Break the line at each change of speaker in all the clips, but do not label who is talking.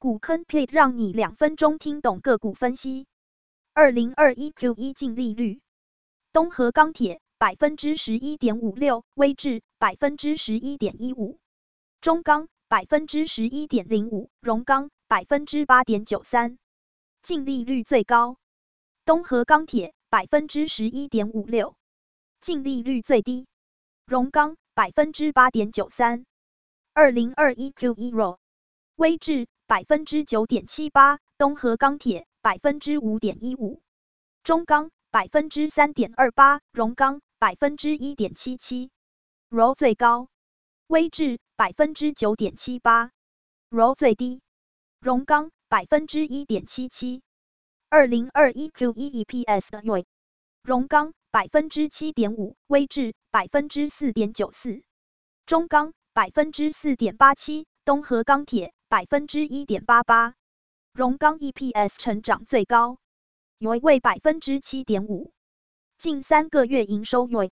股坑 p 讓你兩分鐘聽懂個股分析。二零二一 Q 一、e、淨利率，東和鋼鐵百分之十一點五六，威致百分之十一點一五，中鋼百分之十一點零五，榮剛百分之八點九三。淨利率最高，東和鋼鐵百分之十一點五六；淨利率最低，榮剛百分之八點九三。二零二一 Q 一、e, roll，威致。百分之九點七八，東和鋼鐵百分之五點一五，中鋼百分之三點二八，榮剛百分之一點七七。ROE 最高，威致百分之九點七八 ROE 最低，榮剛百分之一點七七，二零二一 Q 一、e、EPS 的榮，榮剛百分之七點五，威致百分之四點九四，中鋼百分之四點八七，東和鋼鐵，百分之一點八八，榮剛 EPS 成長最高，為百分之七點五。近三個月營收為：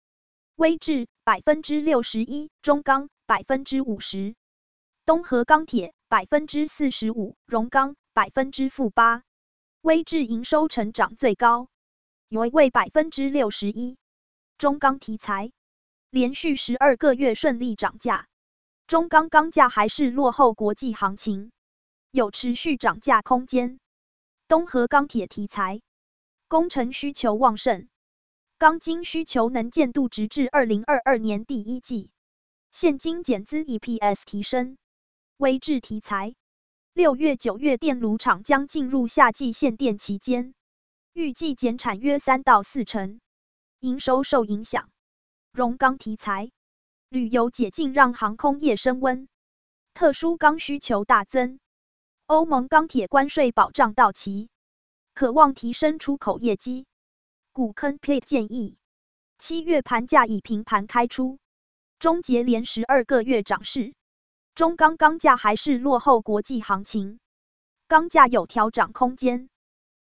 威致百分之六十一，中鋼百分之五十，東和鋼鐵百分之四十五，榮剛百分之負八。威致營收成長最高，為百分之六十一。中鋼題材連續十二個月順利漲價。中鋼鋼價還是落後國際行情，有持續漲價空間。東和鋼鐵題材，工程需求旺盛，鋼筋需求能見度直至二零二二年第一季，現金減資 EPS 提升。威致題材，六月九月電爐廠將進入夏季限電期間，預計減產約三到四成，營收受影響。榮剛題材。旅遊解禁讓航空業升溫，特殊鋼需求大增。歐盟鋼鐵關稅保障到期，渴望提升出口業績。股坑 Pit 建議，七月盤價以平盤開出，終結連十二個月漲勢。中鋼鋼價還是落後國際行情，鋼價有調漲空間。